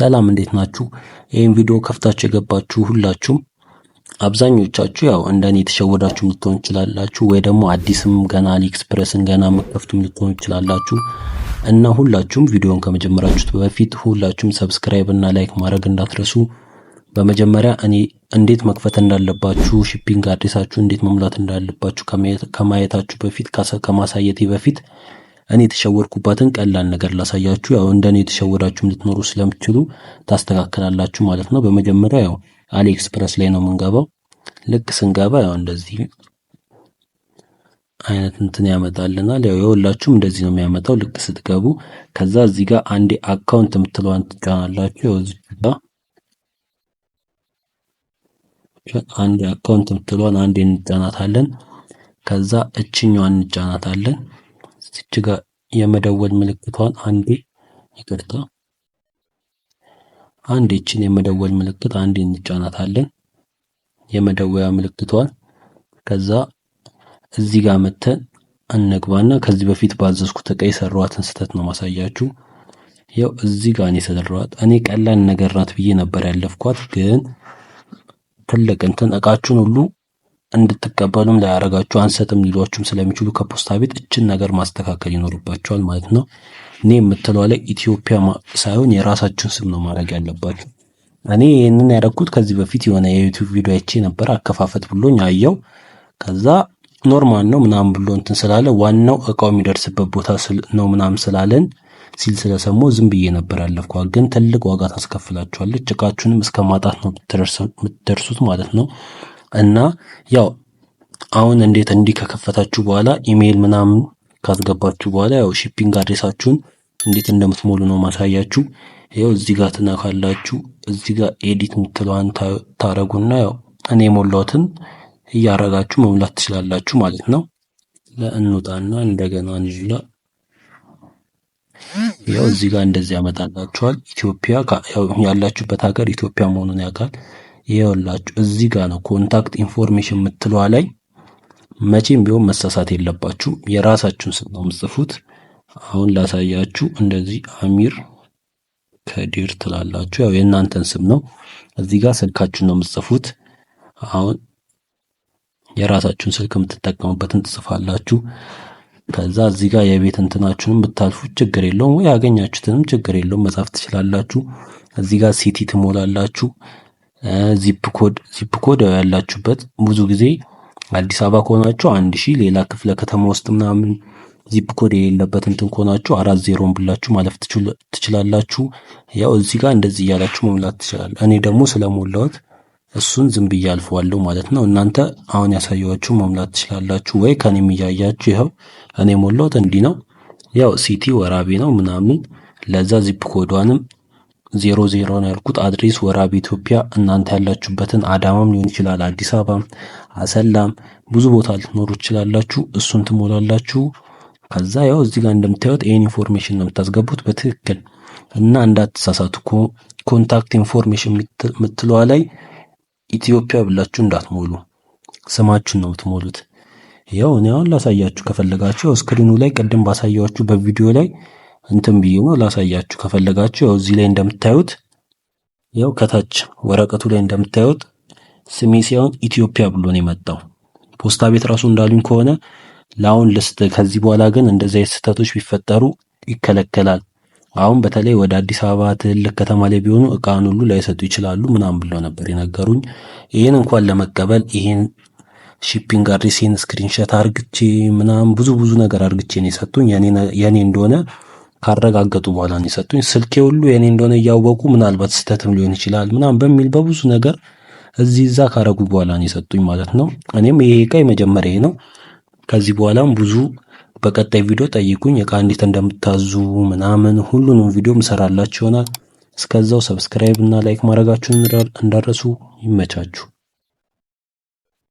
ሰላም እንዴት ናችሁ? ይህን ቪዲዮ ከፍታችሁ የገባችሁ ሁላችሁም አብዛኞቻችሁ ያው እንደኔ የተሸወዳችሁ ልትሆን ትችላላችሁ፣ ወይ ደግሞ አዲስም ገና አሊኤክስፕረስን ገና መከፍቱም ልትሆን ትችላላችሁ። እና ሁላችሁም ቪዲዮን ከመጀመራችሁት በፊት ሁላችሁም ሰብስክራይብ እና ላይክ ማድረግ እንዳትረሱ። በመጀመሪያ እኔ እንዴት መክፈት እንዳለባችሁ ሺፒንግ አድሬሳችሁ እንዴት መሙላት እንዳለባችሁ ከማየታችሁ በፊት ከማሳየቴ በፊት እኔ የተሸወርኩባትን ቀላል ነገር ላሳያችሁ። ያው እንደኔ የተሸወራችሁ የተሸወዳችሁም ልትኖሩ ስለምችሉ ታስተካከላላችሁ ማለት ነው። በመጀመሪያ ያው አሊኤክስፕረስ ላይ ነው የምንገባው። ልክ ስንገባ ያው እንደዚህ አይነት እንትን ያመጣልናል። ያው የሁላችሁም እንደዚህ ነው የሚያመጣው ልክ ስትገቡ። ከዛ እዚህ ጋር አንዴ አካውንት የምትለዋን ትጫናላችሁ። ያው እዚህ ጋር አንዴ አካውንት የምትለዋን አንዴ እንጫናታለን። ከዛ እችኛዋን እንጫናታለን። እዚች ጋ የመደወል ምልክቷን አንዴ ይቅርታ፣ አንድ ይችን የመደወል ምልክት አንዴ እንጫናታለን። የመደወያ ምልክቷን ከዛ እዚህ ጋር መተን እንግባና ከዚህ በፊት ባዘዝኩት እቃ የሰራኋትን ስህተት ነው ማሳያችሁ። ያው እዚህ ጋር ነው የሰራኋት። እኔ ቀላል ነገር ናት ብዬ ነበር ያለፍኳት፣ ግን ትልቅ እንትን እቃችሁን ሁሉ እንድትቀበሉም ላያረጋችሁ አንሰጥም ሊሏችሁም ስለሚችሉ ከፖስታ ቤት እችን ነገር ማስተካከል ይኖርባቸዋል ማለት ነው። እኔ የምትለው ላይ ኢትዮጵያ ሳይሆን የራሳችሁን ስም ነው ማድረግ ያለባችሁ። እኔ ይህንን ያደረግኩት ከዚህ በፊት የሆነ የዩቲዩብ ቪዲዮ አይቼ ነበረ። አከፋፈት ብሎኝ አየው። ከዛ ኖርማል ነው ምናምን ብሎ እንትን ስላለ ዋናው እቃው የሚደርስበት ቦታ ነው ምናምን ስላለን ሲል ስለሰሞ ዝም ብዬ ነበር ያለፍኳ። ግን ትልቅ ዋጋ ታስከፍላችኋለች። እቃችሁንም እስከ ማጣት ነው የምትደርሱት ማለት ነው። እና ያው አሁን እንዴት እንዲህ ከከፈታችሁ በኋላ ኢሜይል ምናምን ካስገባችሁ በኋላ ያው ሺፒንግ አድሬሳችሁን እንዴት እንደምትሞሉ ነው ማሳያችሁ። ይኸው እዚህ ጋር ትነካላችሁ። እዚህ ጋር ኤዲት የምትለዋን ታረጉና ያው እኔ የሞላሁትን እያረጋችሁ መሙላት ትችላላችሁ ማለት ነው። ለእንውጣና እንደገና እንላ ያው እዚህ ጋር እንደዚህ ያመጣላችኋል። ኢትዮጵያ ያላችሁበት ሀገር ኢትዮጵያ መሆኑን ያውቃል። ይኸውላችሁ እዚህ ጋር ነው ኮንታክት ኢንፎርሜሽን የምትሏ ላይ መቼም ቢሆን መሳሳት የለባችሁ የራሳችሁን ስም ነው የምትጽፉት። አሁን ላሳያችሁ። እንደዚህ አሚር ከዲር ትላላችሁ። ያው የእናንተን ስም ነው። እዚህ ጋር ስልካችሁን ነው የምትጽፉት። አሁን የራሳችሁን ስልክ የምትጠቀሙበትን ትጽፋላችሁ። ከዛ እዚህ ጋር የቤት እንትናችሁንም ብታልፉ ችግር የለውም ወይ ያገኛችሁትንም ችግር የለውም መጻፍ ትችላላችሁ። እዚህ ጋር ሲቲ ትሞላላችሁ። ዚፕ ኮድ ዚፕ ኮድ ያላችሁበት ብዙ ጊዜ አዲስ አበባ ከሆናችሁ አንድ ሺህ ሌላ ክፍለ ከተማ ውስጥ ምናምን ዚፕ ኮድ የሌለበት እንትን ከሆናችሁ አራት ዜሮን ብላችሁ ማለፍ ትችላላችሁ። ያው እዚህ ጋር እንደዚህ እያላችሁ መሙላት ትችላል። እኔ ደግሞ ስለሞላሁት እሱን ዝም ብዬ አልፈዋለሁ ማለት ነው። እናንተ አሁን ያሳየኋችሁ መሙላት ትችላላችሁ ወይ ከኔም እያያችሁ ይኸው እኔ ሞላሁት እንዲህ ነው። ያው ሲቲ ወራቤ ነው ምናምን ለዛ ዚፕ ኮዷንም ዜሮ ዜሮ ነው ያልኩት አድሬስ ወራቢ ኢትዮጵያ። እናንተ ያላችሁበትን አዳማም ሊሆን ይችላል፣ አዲስ አበባም፣ አሰላም ብዙ ቦታ ልትኖሩ ትችላላችሁ። እሱን ትሞላላችሁ። ከዛ ያው እዚህ ጋር እንደምታዩት ይህን ኢንፎርሜሽን ነው የምታስገቡት በትክክል እና እንዳትሳሳት ኮንታክት ኢንፎርሜሽን የምትለዋ ላይ ኢትዮጵያ ብላችሁ እንዳትሞሉ፣ ስማችሁን ነው የምትሞሉት። ያው እኔ አሁን ላሳያችሁ ከፈለጋችሁ ስክሪኑ ላይ ቅድም ባሳያችሁ በቪዲዮ ላይ እንትን ብዬ ነው ላሳያችሁ ከፈለጋችሁ። ያው እዚህ ላይ እንደምታዩት ያው ከታች ወረቀቱ ላይ እንደምታዩት ስሜ ሳይሆን ኢትዮጵያ ብሎ ነው የመጣው። ፖስታ ቤት ራሱ እንዳሉኝ ከሆነ ለአሁን ልስጥ። ከዚህ በኋላ ግን እንደዚህ አይነት ስህተቶች ቢፈጠሩ ይከለከላል። አሁን በተለይ ወደ አዲስ አበባ ትልቅ ከተማ ላይ ቢሆኑ እቃን ሁሉ ላይሰጡ ይችላሉ ምናምን ብሎ ነበር የነገሩኝ። ይህን እንኳን ለመቀበል ይህን ሺፒንግ አድሬሴን ስክሪንሸት አርግቼ ምናምን ብዙ ብዙ ነገር አርግቼ ነው የሰጡኝ የኔ እንደሆነ ካረጋገጡ በኋላ ነው ስልኬ ሁሉ የኔ እንደሆነ እያወቁ ምናልባት ስህተትም ሊሆን ይችላል ምናምን በሚል በብዙ ነገር እዚህ እዛ ካረጉ በኋላ ነው ማለት ነው። እኔም ይሄ እቃ የመጀመሪያ ነው። ከዚህ በኋላም ብዙ በቀጣይ ቪዲዮ ጠይቁኝ እቃ እንዴት እንደምታዙ ምናምን ሁሉንም ቪዲዮ ምሰራላችሁ ይሆናል። እስከዛው ሰብስክራይብ እና ላይክ ማድረጋችሁን እንዳረሱ። ይመቻችሁ።